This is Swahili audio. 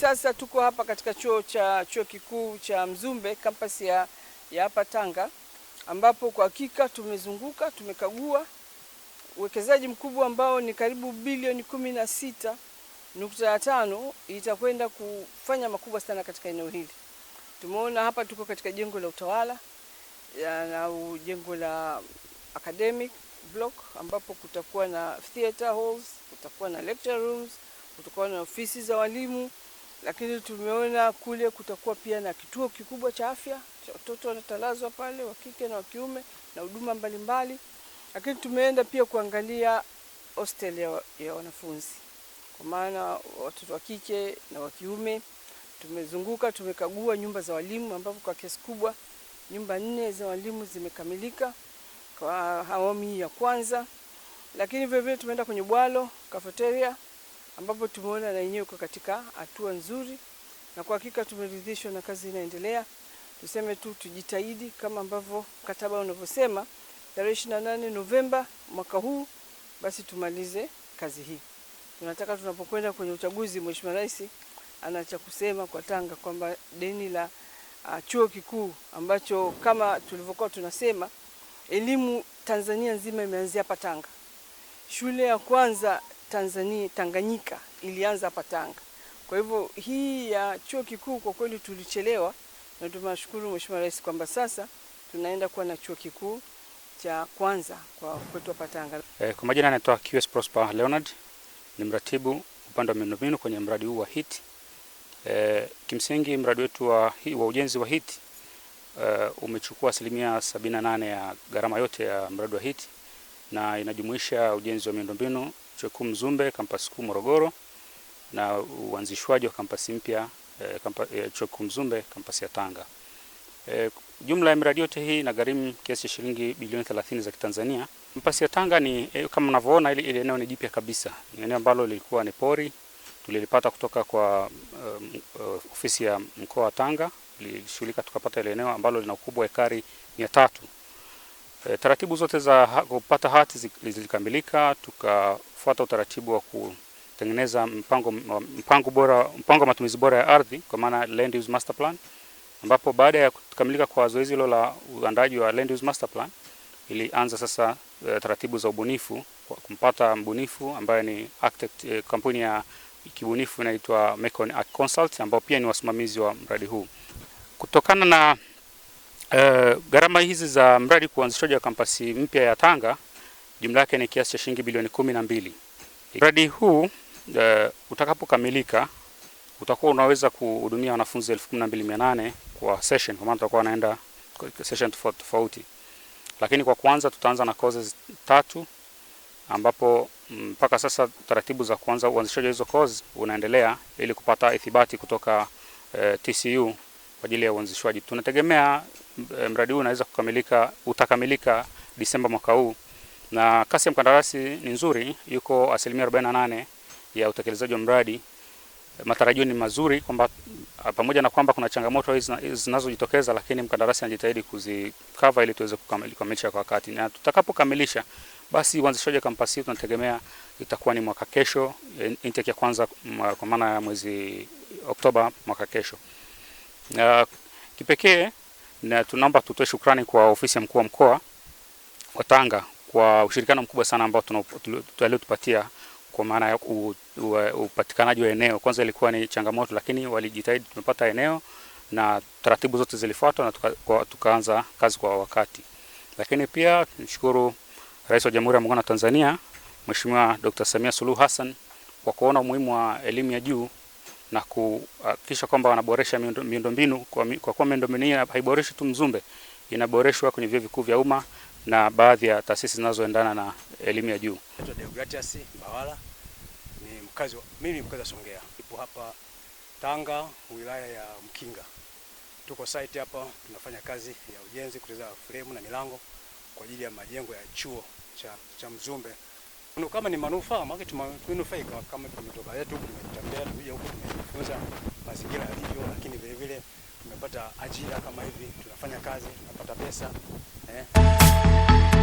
sasa tuko hapa katika chuo cha chuo kikuu cha Mzumbe kampasi ya ya hapa Tanga, ambapo kwa hakika tumezunguka tumekagua uwekezaji mkubwa ambao ni karibu bilioni kumi na sita nukta tano itakwenda kufanya makubwa sana katika eneo hili. Tumeona hapa tuko katika jengo la utawala na jengo la academic block ambapo kutakuwa na theater halls, kutakuwa na lecture rooms, kutakuwa na ofisi za walimu lakini tumeona kule kutakuwa pia na kituo kikubwa cha afya cha watoto wanatalazwa pale wa kike na wa kiume na huduma mbalimbali, lakini tumeenda pia kuangalia hostel ya, ya wanafunzi kwa maana watoto wa kike na wa kiume. Tumezunguka, tumekagua nyumba za walimu ambapo kwa kiasi kubwa nyumba nne za walimu zimekamilika kwa awamu hii ya kwanza, lakini vilevile tumeenda kwenye bwalo, cafeteria ambapo tumeona na yenyewe uko katika hatua nzuri, na kwa hakika tumeridhishwa na kazi inaendelea. Tuseme tu tujitahidi kama ambavyo mkataba unavyosema tarehe 28 Novemba mwaka huu, basi tumalize kazi hii. Tunataka tunapokwenda kwenye uchaguzi, Mheshimiwa Rais ana kusema kwa Tanga kwamba deni la uh, chuo kikuu ambacho kama tulivyokuwa tunasema elimu Tanzania nzima imeanzia hapa Tanga. Shule ya kwanza Tanzania Tanganyika ilianza hapa Tanga. Kwa hivyo hii ya chuo kikuu kwa kweli tulichelewa, na tunashukuru Mheshimiwa Rais kwamba sasa tunaenda kuwa na chuo kikuu cha kwanza kwa kwetu hapa Tanga. Eh, kwa majina anaitwa QS Prosper Leonard, ni mratibu upande wa miundombinu kwenye mradi huu wa HIT. Eh, kimsingi mradi wetu wa, wa ujenzi wa HIT Uh, eh, umechukua asilimia 78 ya gharama yote ya mradi wa hiti na inajumuisha ujenzi wa miundombinu chuo kikuu Mzumbe, kampasi kuu Morogoro, na uanzishwaji wa kampasi mpya e, kampa, e, chuo kikuu Mzumbe kampasi ya Tanga. E, jumla ya miradi yote hii inagharimu kiasi cha shilingi bilioni 30 za Kitanzania. Kampasi ya Tanga ni e, kama mnavyoona ile ile eneo ni jipya kabisa, ni eneo ambalo lilikuwa ni pori, tulilipata kutoka kwa um, uh, ofisi ya mkoa wa Tanga, tulishughulika tukapata ile eneo ambalo lina ukubwa wa ekari 300. E, taratibu zote za kupata hati zilikamilika, tukafuata utaratibu wa kutengeneza mpango, mpango, bora, mpango wa matumizi bora ya ardhi kwa maana land use master plan, ambapo baada ya kukamilika kwa zoezi hilo la uandaji wa land use master plan ilianza sasa e, taratibu za ubunifu kumpata mbunifu ambaye ni architect, e, kampuni ya kibunifu inaitwa Mekon Consult ambao pia ni wasimamizi wa mradi huu kutokana na Uh, gharama hizi za mradi kuanzishwaji wa kampasi mpya ya Tanga jumla yake ni kiasi cha shilingi bilioni kumi na mbili. Mradi huu uh, utakapokamilika utakuwa unaweza kuhudumia wanafunzi 12800 kwa session, kwa maana tutakuwa naenda session tofauti tofauti, lakini kwa kwanza tutaanza na courses tatu, ambapo mm, mpaka sasa taratibu za kuanza uanzishaji wa hizo courses unaendelea ili kupata ithibati kutoka uh, eh, TCU kwa ajili ya uanzishwaji tunategemea Eh, mradi huu unaweza kukamilika, utakamilika Disemba mwaka huu, na kasi ya mkandarasi ni nzuri, yuko asilimia 48 ya utekelezaji wa mradi. Matarajio ni mazuri kwamba ah, pamoja na kwamba kuna changamoto zinazojitokeza, lakini mkandarasi anajitahidi kuzikava ili tuweze kukamilisha kwa wakati, na tutakapokamilisha basi uanzishaji wa kampasi tunategemea itakuwa ni mwaka kesho, eh, intake ya kwanza kwa maana ya mwezi Oktoba mwaka kesho. kipekee na tunaomba tutoe shukrani kwa ofisi ya mkuu wa mkoa wa Tanga kwa ushirikiano mkubwa sana ambao aliotupatia kwa maana ya upatikanaji wa eneo. Kwanza ilikuwa ni changamoto, lakini walijitahidi, tumepata eneo na taratibu zote zilifuatwa na tuka, tukaanza kazi kwa wakati. Lakini pia tunashukuru Rais wa Jamhuri ya Muungano wa Tanzania Mheshimiwa Dr. Samia Suluhu Hassan kwa kuona umuhimu wa elimu ya juu na kuhakikisha kwamba wanaboresha miundombinu kwa, kwa kuwa miundombinu hii haiboreshi tu Mzumbe, inaboreshwa kwenye vyuo vikuu vya umma na baadhi ya taasisi zinazoendana na elimu ya juu. Deogratias Mbawala ni mkazi, mimi mkazi wa Songea, ipo hapa Tanga wilaya ya Mkinga. Tuko site hapa tunafanya kazi ya ujenzi, kuleza fremu na milango kwa ajili ya majengo ya chuo cha, cha Mzumbe ndio kama ni manufaa maana tumenufaika kama tumetoka yetu tumetembea tumeja huko tumejifunza mazingira yalivyo, lakini vile vile tumepata ajira kama hivi, tunafanya kazi tunapata pesa eh.